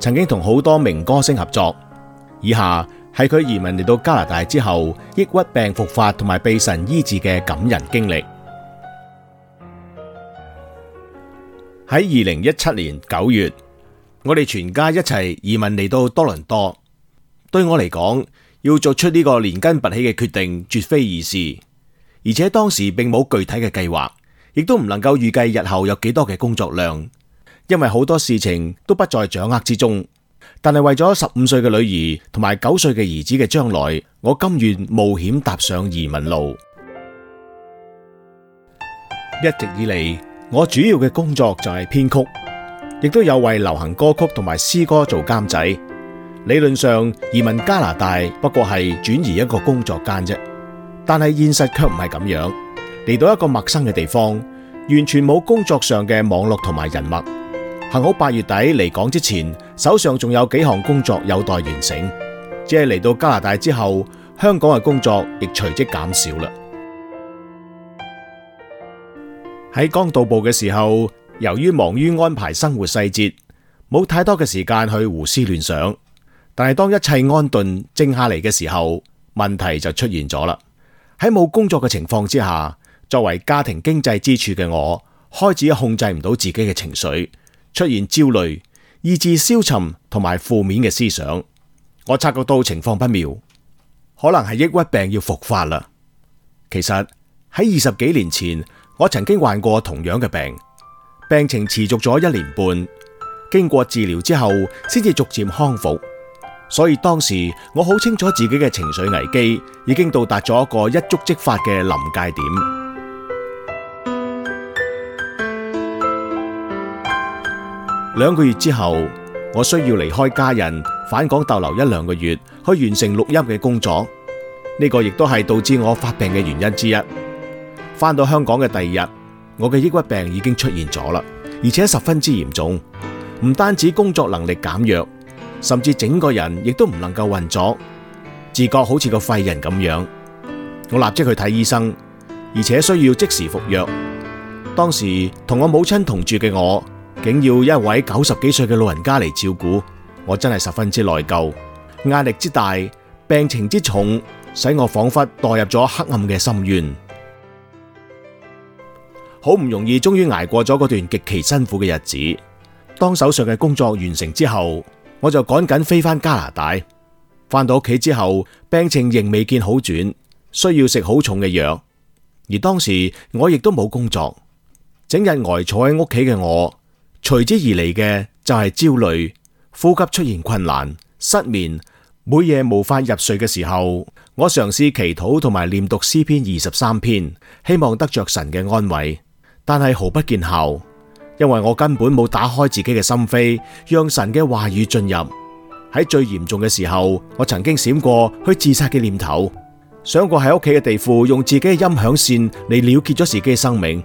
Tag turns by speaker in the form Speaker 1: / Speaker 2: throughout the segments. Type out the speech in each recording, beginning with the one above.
Speaker 1: 曾經同好多名歌星合作。以下係佢移民嚟到加拿大之後，抑鬱病復發同埋被神醫治嘅感人經歷。喺二零一七年九月，我哋全家一齊移民嚟到多倫多。對我嚟講，要做出呢個連根拔起嘅決定，絕非易事。而且當時並冇具體嘅計劃，亦都唔能夠預計日後有幾多嘅工作量。因為好多事情都不在掌握之中，但係為咗十五歲嘅女兒同埋九歲嘅兒子嘅將來，我甘願冒險踏上移民路。一直以嚟，我主要嘅工作就係編曲，亦都有為流行歌曲同埋詩歌做監製。理論上移民加拿大不過係轉移一個工作間啫，但係現實卻唔係咁樣。嚟到一個陌生嘅地方，完全冇工作上嘅網絡同埋人脈。幸好八月底離港之前，手上仲有幾項工作有待完成。只係嚟到加拿大之後，香港嘅工作亦隨即減少啦。喺剛到步嘅時候，由於忙於安排生活細節，冇太多嘅時間去胡思亂想。但係當一切安頓靜下嚟嘅時候，問題就出現咗啦。喺冇工作嘅情況之下，作為家庭經濟支柱嘅我，開始控制唔到自己嘅情緒。出現焦慮、意志消沉同埋負面嘅思想，我察覺到情況不妙，可能係抑鬱病要復發啦。其實喺二十幾年前，我曾經患過同樣嘅病，病情持續咗一年半，經過治療之後，先至逐漸康復。所以當時我好清楚自己嘅情緒危機已經到達咗一個一觸即發嘅臨界點。兩個月之後，我需要離開家人，返港逗留一兩個月，去完成錄音嘅工作。呢個亦都係導致我發病嘅原因之一。返到香港嘅第二日，我嘅抑鬱病已經出現咗啦，而且十分之嚴重。唔單止工作能力減弱，甚至整個人亦都唔能夠運作，自覺好似個廢人咁樣。我立即去睇醫生，而且需要即時服藥。當時同我母親同住嘅我。竟要一位九十幾歲嘅老人家嚟照顧，我真係十分之內疚，壓力之大，病情之重，使我仿佛墮入咗黑暗嘅深淵。好唔容易，終於捱過咗嗰段極其辛苦嘅日子。當手上嘅工作完成之後，我就趕緊飛返加拿大。返到屋企之後，病情仍未見好轉，需要食好重嘅藥。而當時我亦都冇工作，整日呆坐喺屋企嘅我。隨之而嚟嘅就係焦慮、呼吸出現困難、失眠，每夜無法入睡嘅時候，我嘗試祈禱同埋念讀詩篇二十三篇，希望得着神嘅安慰，但係毫不見效，因為我根本冇打開自己嘅心扉，讓神嘅話語進入。喺最嚴重嘅時候，我曾經閃過去自殺嘅念頭，想過喺屋企嘅地庫用自己嘅音響線嚟了結咗自己嘅生命。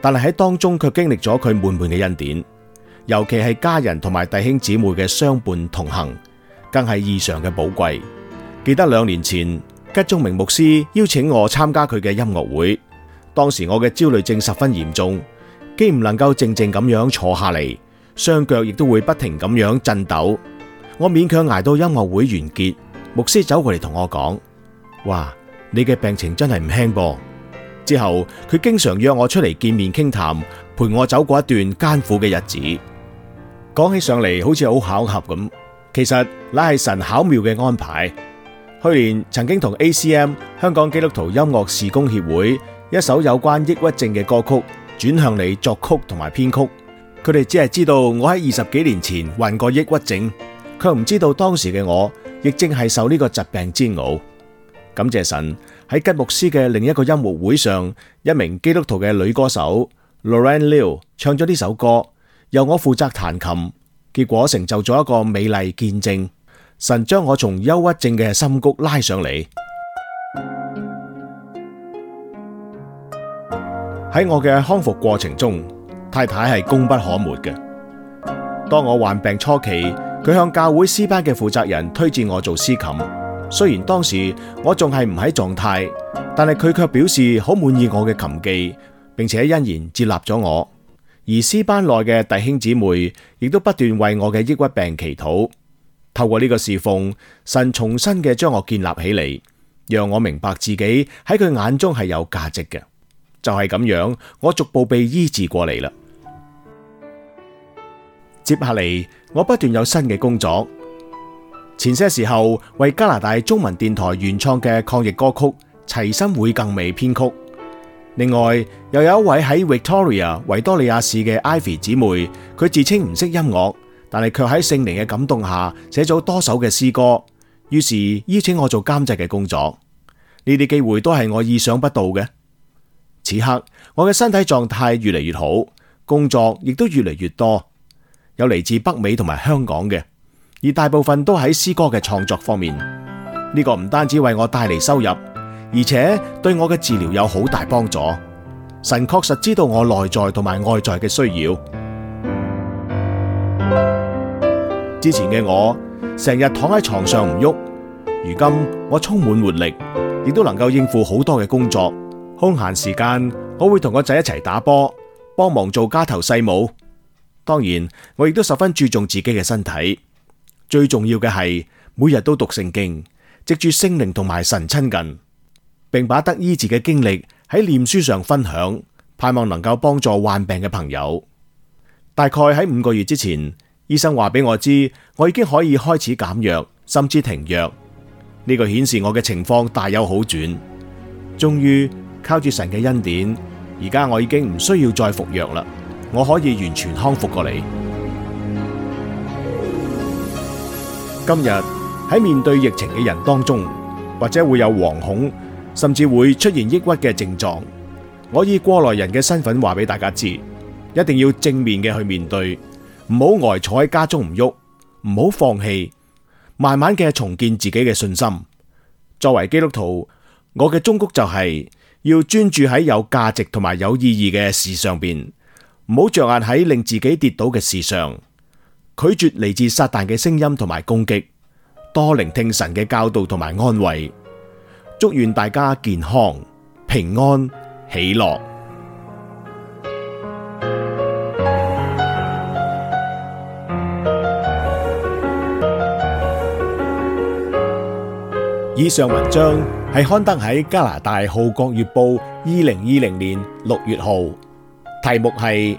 Speaker 1: 但係喺當中卻經歷咗佢滿滿嘅恩典，尤其係家人同埋弟兄姊妹嘅相伴同行，更係異常嘅寶貴。記得兩年前吉宗明牧師邀請我參加佢嘅音樂會，當時我嘅焦慮症十分嚴重，既唔能夠靜靜咁樣坐下嚟，雙腳亦都會不停咁樣震抖。我勉強挨到音樂會完結，牧師走過嚟同我講：「嘩，你嘅病情真係唔輕噃。之後，佢經常約我出嚟見面傾談，陪我走過一段艱苦嘅日子。講起上嚟，好似好巧合咁，其實乃係神巧妙嘅安排。去年曾經同 ACM 香港基督徒音樂事工協會一首有關抑鬱症嘅歌曲轉向你作曲同埋編曲，佢哋只係知道我喺二十幾年前患過抑鬱症，卻唔知道當時嘅我亦正係受呢個疾病煎熬。感謝神喺吉牧師嘅另一個音樂會上，一名基督徒嘅女歌手 Lorraine Liu 唱咗呢首歌，由我負責彈琴，結果成就咗一個美麗見證。神將我從憂鬱症嘅深谷拉上嚟，喺我嘅康復過程中，太太係功不可沒嘅。當我患病初期，佢向教會詩班嘅負責人推薦我做司琴。雖然當時我仲係唔喺狀態，但係佢卻表示好滿意我嘅琴技，並且欣然接納咗我。而詩班內嘅弟兄姊妹亦都不斷為我嘅抑鬱病祈禱。透過呢個侍奉，神重新嘅將我建立起嚟，讓我明白自己喺佢眼中係有價值嘅。就係咁樣，我逐步被醫治過嚟啦。接下嚟，我不斷有新嘅工作。前些時候，為加拿大中文電台原創嘅抗疫歌曲《齊心會更美》編曲。另外，又有一位喺 Victoria 維多利亞市嘅 Ivy 姊妹，佢自稱唔識音樂，但係卻喺聖靈嘅感動下寫咗多首嘅詩歌。於是邀請我做監製嘅工作。呢啲機會都係我意想不到嘅。此刻，我嘅身體狀態越嚟越好，工作亦都越嚟越多，有嚟自北美同埋香港嘅。而大部分都喺詩歌嘅創作方面，呢、這個唔單止為我帶嚟收入，而且對我嘅治療有好大幫助。神確實知道我內在同埋外在嘅需要。之前嘅我成日躺喺床上唔喐，如今我充滿活力，亦都能夠應付好多嘅工作。空閒時間我會同個仔一齊打波，幫忙做家頭細務。當然，我亦都十分注重自己嘅身體。最重要嘅係每日都讀聖經，藉住聖靈同埋神親近，並把得醫治嘅經歷喺臉書上分享，盼望能夠幫助患病嘅朋友。大概喺五個月之前，醫生話俾我知我已經可以開始減藥，甚至停藥。呢個顯示我嘅情況大有好轉。終於靠住神嘅恩典，而家我已經唔需要再服藥啦，我可以完全康復過嚟。今日喺面對疫情嘅人當中，或者會有惶恐，甚至會出現抑鬱嘅症狀。我以過來人嘅身份話俾大家知，一定要正面嘅去面對，唔好呆坐喺家中唔喐，唔好放棄，慢慢嘅重建自己嘅信心。作為基督徒，我嘅忠告就係要專注喺有價值同埋有意義嘅事上邊，唔好着眼喺令自己跌倒嘅事上。拒絕嚟自撒但嘅聲音同埋攻擊，多聆聽神嘅教導同埋安慰。祝願大家健康、平安、喜樂。以上文章係刊登喺加拿大《號角月報》二零二零年六月號，題目係。